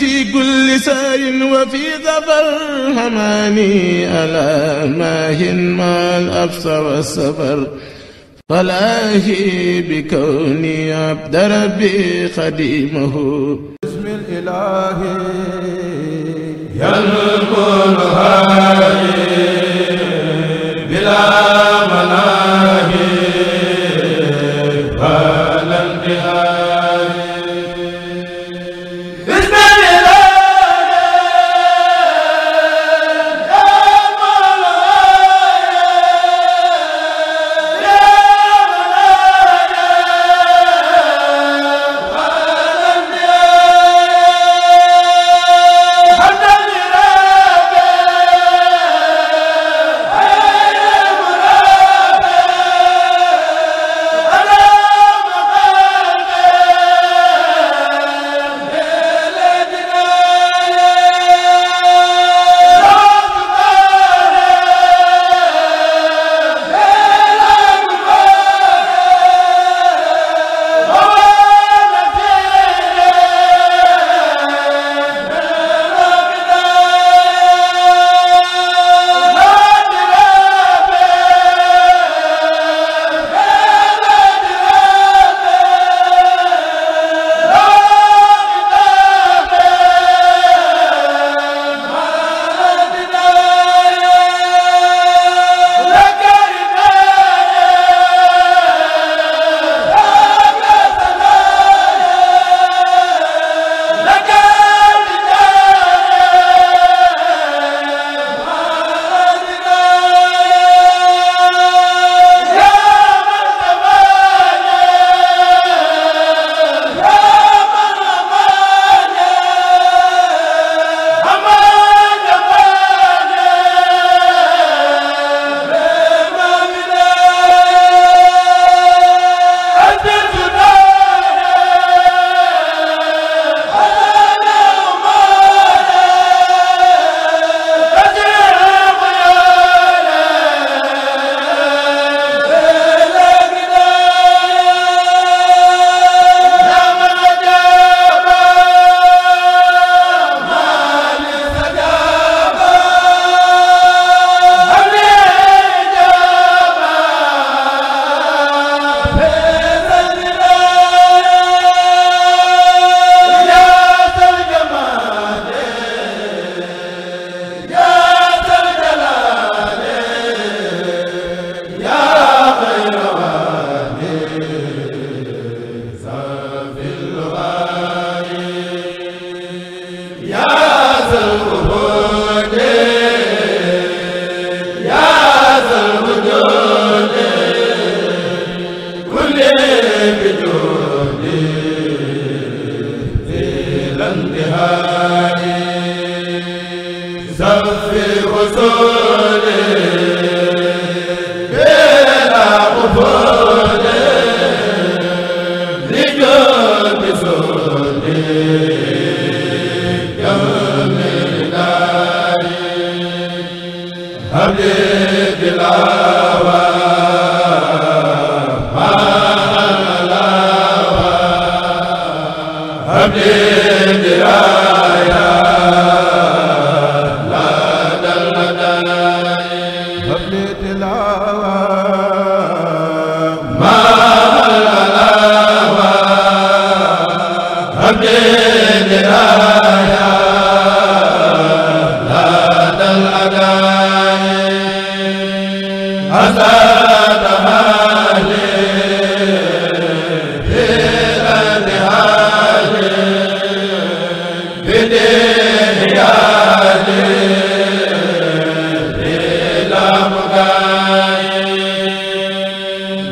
في كل سار وفي ظفر حماني ألا ماهن ما الأبس والسفر فلاهي بكوني عبد ربي خديمه بسم الإله يلقونه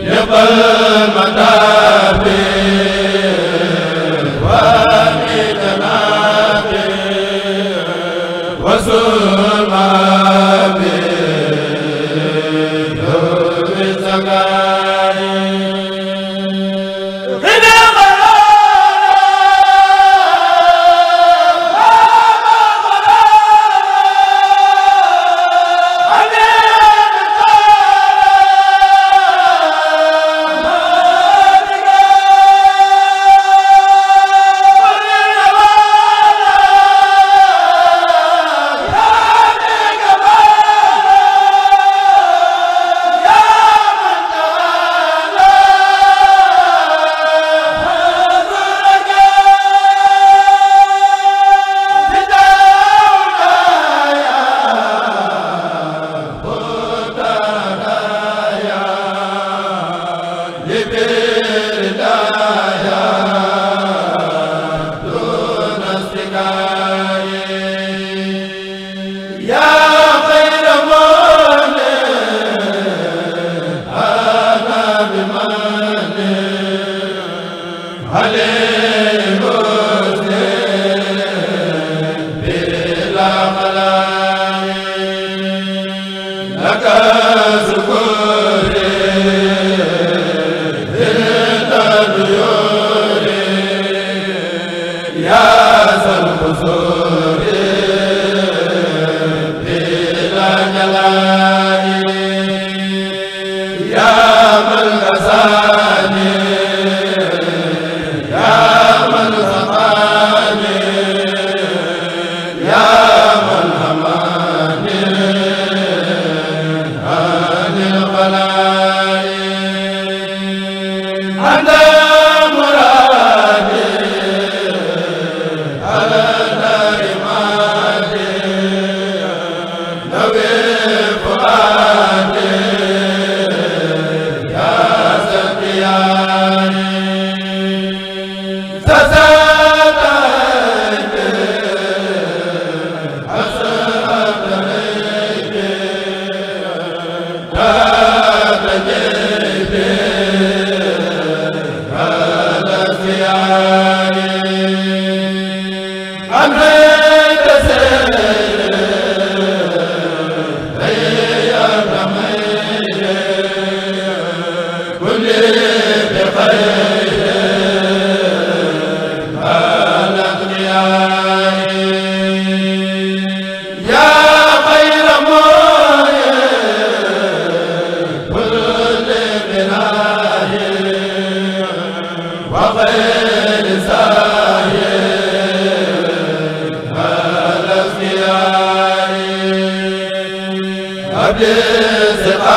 yabal ale صل على ab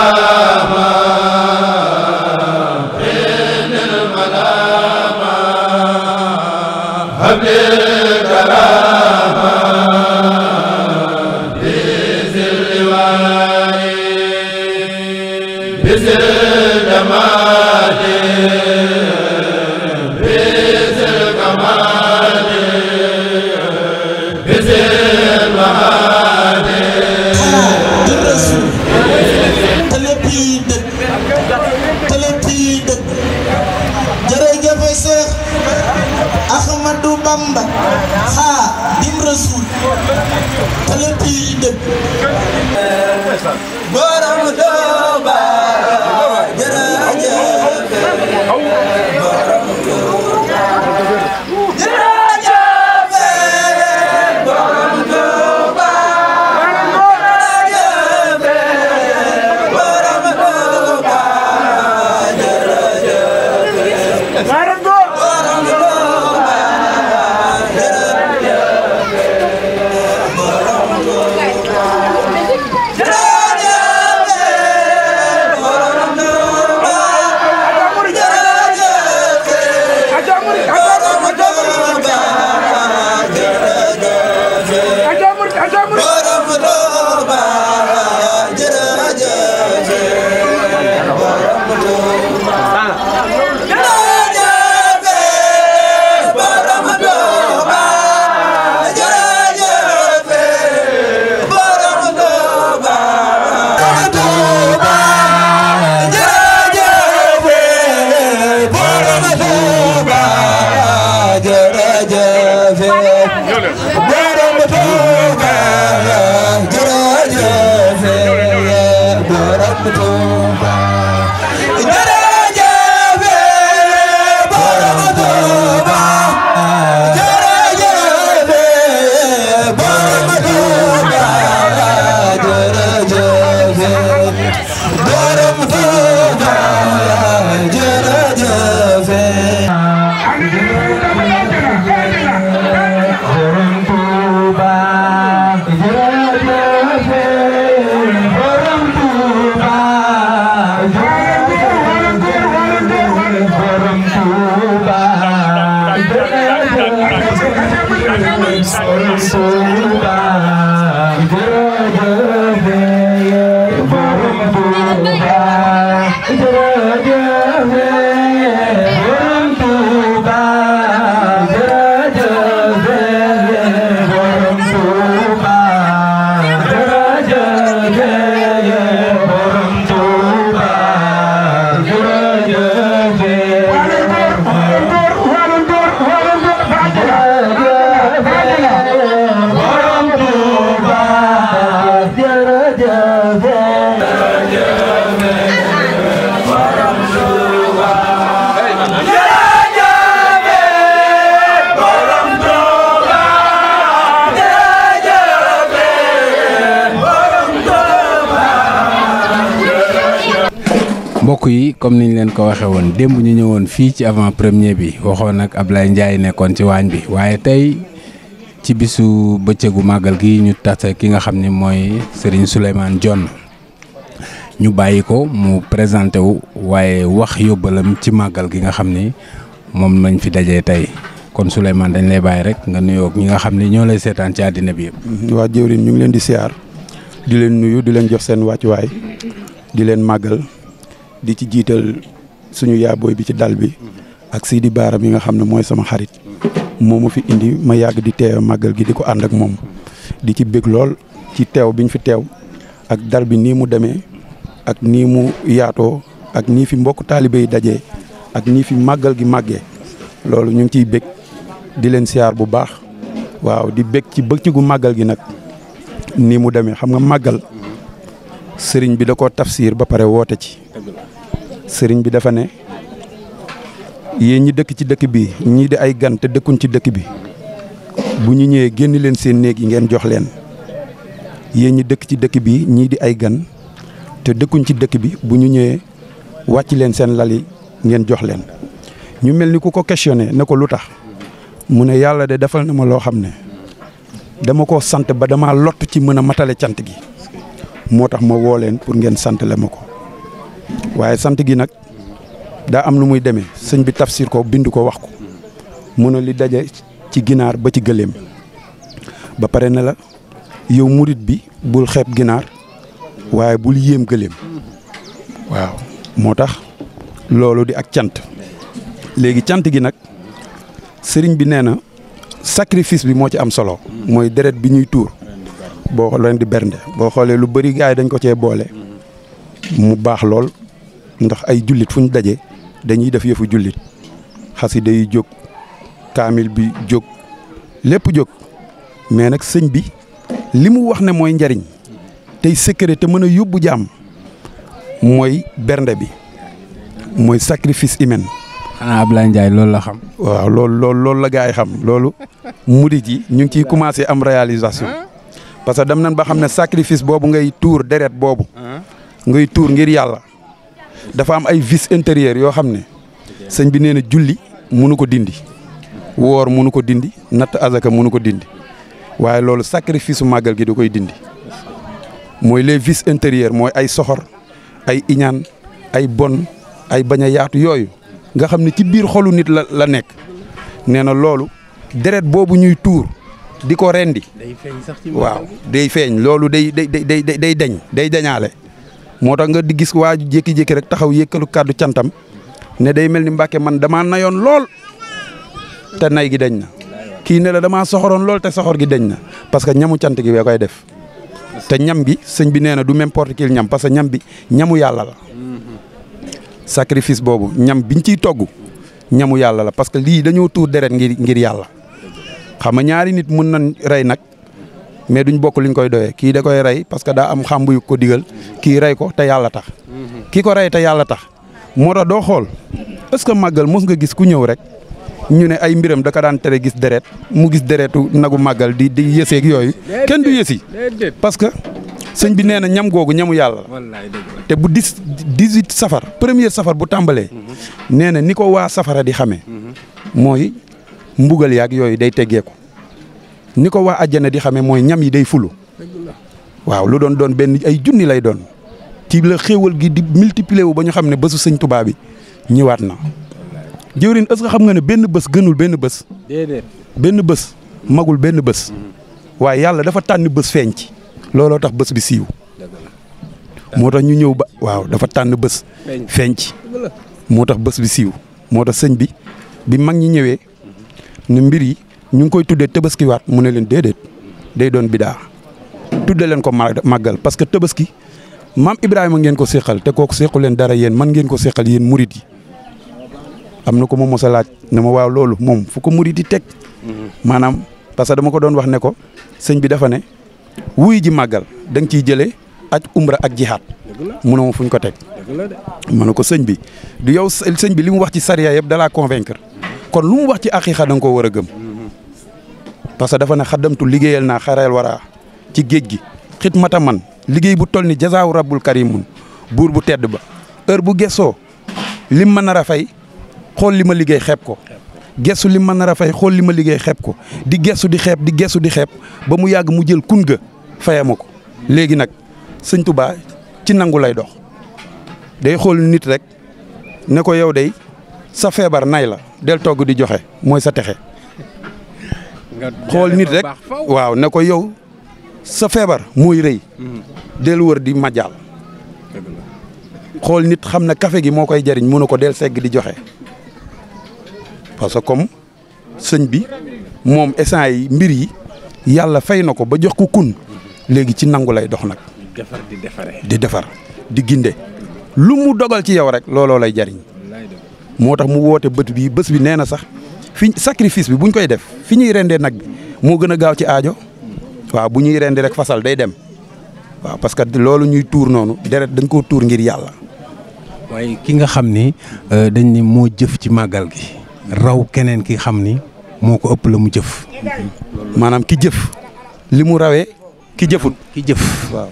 Ahmadou Bamba Xaadimu ah, Rasuul te lépp yi dëgg borom Tuuba jërëjëf borom borom Touba Senhor, eu sou o lugar. mbokk yi comme ñu leen ko waxee woon démb ñu ñëwoon fii ci avant premier bi waxoon ak Ablaye njaay nekkoon ci waañ bi waaye tey ci bisu bëccëgu màggal gi ñu tase ki nga xam ne mooy Serigne Souleymane Dione ñu bàyyi ko mu présenté wu waaye wax yóbbalam ci màggal gi nga xam ni moom lañ fi dajee tey kon Souleymane dañ lay bàyyi rek nga nuyoog ñi nga xam ne ñoo lay seetaan ci àddina bi yëpp. Mm-hmm. waa jëwriñ ñu ngi leen di siyaar di leen nuyu di leen jox seen wàccuwaay di leen màggal. di ci jiital suñu yaabooy bi ci dal bi ak Sidi Baara yi nga xam ne mooy sama xarit moo ma fi indi ma yàgg di teew màggal gi di ko ànd ak moom di ci bég lool ci teew bi ñu fi teew ak dal bi nii mu demee ak nii mu yaatoo ak nii fi mbokk taalibe daje ak nii fi màggal gi màggee loolu ñu ngi ciy bég di leen siyaar bu baax waaw di bég ci bëccëgu màggal gi nag nii mu demee xam nga màggal sëriñ bi da koo tafsir ba pare woote ci sëriñ bi dafa ne yéen ñi dëkk ci dëkk bi ñii di ay gan te dëkkuñ ci dëkk bi bu ñu ñëwee génn leen seen néeg yi ngeen jox leen yéen ñi dëkk ci dëkk bi ñii di ay gan te dëkkuñ ci dëkk bi bu ñu ñëwee wàcc leen seen lali ngeen jox leen ñu mel ni ku ko questionné ne ko lu tax mu ne yàlla de defal na ma loo xam ne dama ko sant ba dama lott ci mën a matale cant gi moo tax ma woo leen pour ngeen sant la ko waaye sant gi nag daa am lu muy deme sëñ bi tafsir ko bind ko wax ko mu ne li daje ci ginaar ba ci gëléem ba pare na la yow murit bi bul xeeb ginaar waaye bul yéem gëléem waaw moo tax loolu di ak cant léegi cant gi nag sëriñ bi nee na sacrifice bi moo ci am solo mooy deret bi ñuy tuur boo leen di bernde boo xoolee lu bëri gaay dañ ko cee boole mu baax lool ndax ay jullit fu ñu daje dañuy def yëfu jullit xasida day jóg kaamil bi jóg lépp jóg mais nag sëñ bi li mu wax ne mooy njariñ tey secret te mën a yóbbu jaam mooy bernde bi mooy sacrifice humain. ab laa Ndiaye loolu la xam. waaw loolu loolu loolu la gaa yi xam loolu murit yi ñu ngi ciy commencé am réalisation ah. parce que dem nañ ba xam ne sacrifice boobu ngay tuur deret boobu. Ah. ngay tuur ngir yàlla dafa am ay vices intérieurs yoo xam ne sëñ bi nee na julli mënu ko dindi woor mënu ko dindi natt azaka mënu ko dindi waaye loolu sacrifice su màggal gi da koy dindi mooy les vices intérieurs mooy ay soxor ay iñaan ay bon ay bañ a yaatu yooyu nga xam ne ci biir xolu nit la la nekk nee na loolu deret boobu ñuy tuur di ko rendi waaw day feeñ loolu day day day day day dañ day dañaale moo tax nga di gis waa jékki-jékki rek taxaw yékkalu kàddu cantam ne day mel ni Mbàkke man damaa nayoon lool te nay gi deñ na kii ne la damaa soxoroon lool te soxor gi deñ na parce que ñamu cant gi wee koy def te ñam bi sëñ bi nee na du n'importe quel ñam parce que ñam bi ñamu yàlla la sacrifice boobu ñam biñ ciy togg ñamu yàlla la parce que lii dañoo tuur deret ngir ngir yàlla xam nga ñaari nit mun na rey nag mais duñ bokk liñ koy doyee kii da koy rey parce que daa am xàmb yu ko digal kii rey ko te yàlla tax ki ko reyee te yàlla tax moo tax doo xool parce que màggal mos nga gis ku ñëw rek ñu ne ay mbiram da ko daan tere gis deret mu gis deretu nagu màggal di di yëseeg yooyu kenn du yësi parce que sëñ bi nee na ñam googu ñamu yàlla la te bu dis dix-huit safar premier safar bu tàmbalee nee na ni ko waa safara di xamee mhm. mooy mbugal yaag yooyu day teggee ko ni ko waa àjjana di xamee mooy ñam yi day fulu waaw lu doon doon benn ay junni lay doon ci la xéewal gi di multiplier wu ba ñu xam ne bësu sëñ Tuubaa bi ñëwaat na jëwrin est xam nga ne benn bës gënul benn bës benn bës magul benn bés mm-hmm. waaye yàlla dafa tànn bés feeñ looloo tax bés bi siiw moo tax ñu ñëw ba waaw dafa tànn bës feeñ moo tax bés bi siiw moo tax sëñ bi bi mag ñi ñëwee ne mbir yi ñu ngi koy tuddee waat mu ne leen déedéet day doon bidaa tudde leen ko màggal parce que tëbaski maam Ibrahima ngeen ko séqal te kooku séqu leen dara yéen man ngeen ko séqal yéen murit yi am na ko ma mos laaj ne ma waaw loolu moom fu ko murit yi teg maanaam parce que dama ko doon wax ne ko sëñ bi dafa ne wuy ji màggal da nga ciy jëlee aj umra ak jihaat munoo ma fuñ ko teg ma ne ko sëñ bi du yow sëñ bi li mu wax ci sariya yëpp dalaa convaincre kon lu mu wax ci aqiqa da nga koo war a gëm parce que dafa ne xaddamtu liggéeyal naa xareel waraa ci géej gi xidmata man liggéey bu toll ni jasaaw rabbul karimun buur bu tedd ba heure bu gessoo lim ma nar a fay xool li ma liggéey xeeb ko gessu lim ma nar a fay xool li ma liggéey xeeb ko di gessu di xeeb di gessu di xeeb ba mu yàgg mu jël kun ga fayama ko léegi nag sëñ Tuubaa ci nangu lay dox day xool nit rek ne ko yow day sa feebar nay la del togg di joxe mooy sa texe xool nit rek waaw ne ko yow sa feebar mooy rëy mhm. del wër di majal xool nit xam na kafe gi moo koy jariñ mu ne ko del segg di joxe parce que comme sëñ bi moom essant yi mbir yi yàlla fay na ko ba jox ko kun léegi ci nangu lay dox nag defar di defar di ginde lu mu dogal ci yow rek looloo lay jariñ moo tax mu woote bët bii bés bi nee na sax fi sacrifice bi buñ koy def fi ñuy rendee nag bi moo gën a gaaw ci aajo waaw bu ñuy rendi rek fasal day dem waaw parce que loolu ñuy tuur noonu deret dañ koo tuur ngir yàlla. waaye ki nga xam ni euh, dañ moo jëf ci màggal gi raw keneen ki xam ni moo ko ëpp la mu jëf. maanaam ki jëf li mu rawee ki jëfut ki jëf waaw.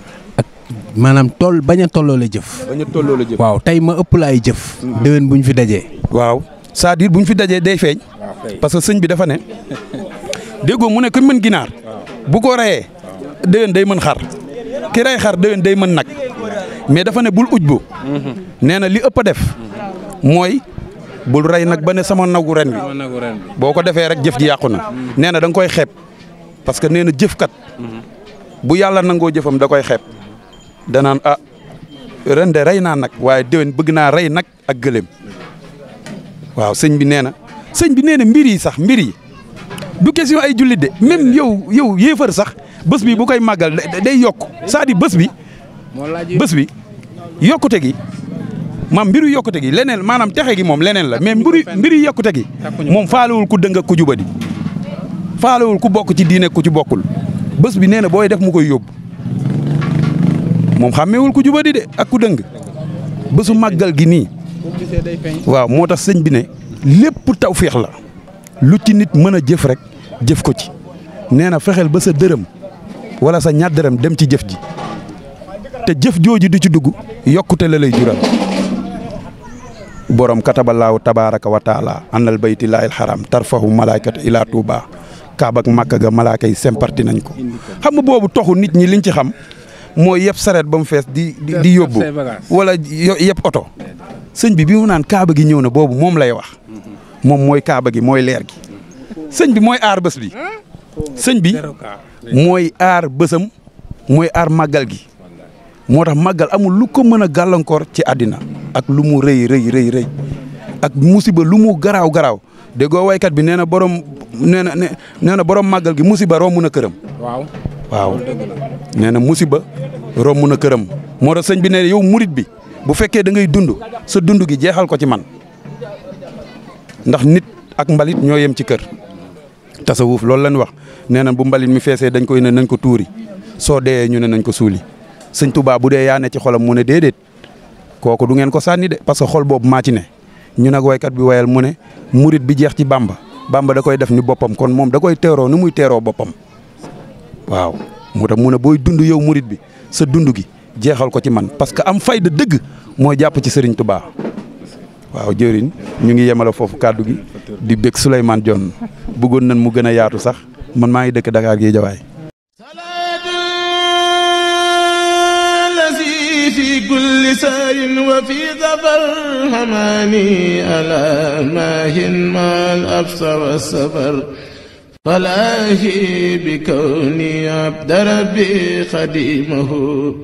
maanaam tool bañ a tolloo la jëf. bañ a tolloo la jëf waaw tey ma ëpp la ay jëf. Mm-hmm. déwén bu ñu fi dajee. waaw cest diir bu ñu fi dajee day feeñ. parce que sëñ bi dafa ne déggoo mu ne ku mën ginaar bu ko reyee déwén day mën xar ki rey xar déwén day mën nag mais dafa ne bul uj bu nee na li ëpp a def mooy bul rey nag ba ne sama nagu ren bi boo ko defee rek jëf ji yàqu na nee na da koy xeeb parce que nee na jëfkat bu yàlla nangoo jëfam da koy xeeb danaan a ah, ren de rey naa nag waaye déwén bëgg naa rey nag ak gëléem waaw sëñ bi nee na sëñ bi nee na mbir yi sax mbir yi du question ay jullit de même yow yow yéefar sax bës bi bu koy màggal day yokk c'est-à-dire bés bi bés bi yokkute gi maam mbiru yokkute gi leneen maanaam texe gi moom leneen la mais mbiru mbiru yokkute gi moom faalewul ku dëng ak ku jubadi faalewul ku bokk ci diine ku ci bokkul bës bi nee na booy def mu koy yóbbu moom xàmmeewul ku jubadi de ak ku dëng bésu màggal gi nii waaw moo tax sëñ bi ne lépp tawféex la lu ci nit mën a jëf rek jëf ko ci nee na fexeel ba sa dërëm wala sa ñaar dem ci jëf ji te jëf jooju du ci dugg yokkute la lay jural borom kataballaahu tabaaraka wa taala annal bayti laayil xaram tarfahu malaakatu ilaa tuuba kaabak màkka ga malaaka yi semparti nañ ko xam nga boobu toxu nit ñi liñ ci xam mooy yëpp saret ba mu fees di di yóbbu wala yëpp oto sëñ bi bi mu naan kaaba gi ñëw na boobu moom lay wax moom mooy kaaba gi mooy leer gi sëñ bi mooy aar bés bi sëñ bi mooy aar bésam mooy aar màggal gi moo tax màggal amul lu ko mën a gàllankoor ci àddina ak lu mu rëy rëy rëy rëy ak musiba lu mu garaaw garaaw déggoo waykat bi nee na borom nee na nee na borom màggal gi musiba romb na këram waaw waaw nee na musiba romb na këram moo tax sëñ bi ne yow murit bi bu fekkee da ngay dund sa dund gi jeexal ko ci man ndax nit ak mbalit ñoo yem ci kër tasawuf loolu lañ wax nee na bu mbalit mi feesee dañ koy ne nañ ko tuuri soo dee ñu ne nañ ko suuli sëñ Tuubaa bu dee yaa ne ci xolam mu ne déedéet kooku du ngeen ko sànni de parce que xol boobu maa ci ne ñu nag waykat bi wayal mu ne murit bi jeex ci Bàmba bamba da koy def ni boppam kon moom da koy teeroo ni muy teeroo boppam waaw mu tax mu ne booy dund yow murit bi sa dund gi jeexal ko ci man parce que am fayda dëgg moo jàpp ci Serigne Touba waaw jëriñ ñu ngi yemale foofu kàddu gi di bëgg Souleymane Dione bëggoon nañ mu gën a yaatu sax man maa ngi dëkk Dakar gi jawaay في كل سار وفي ظفر هماني ألا ماهن ما الأبصر والسفر طلائه بكوني عبد ربي خديمه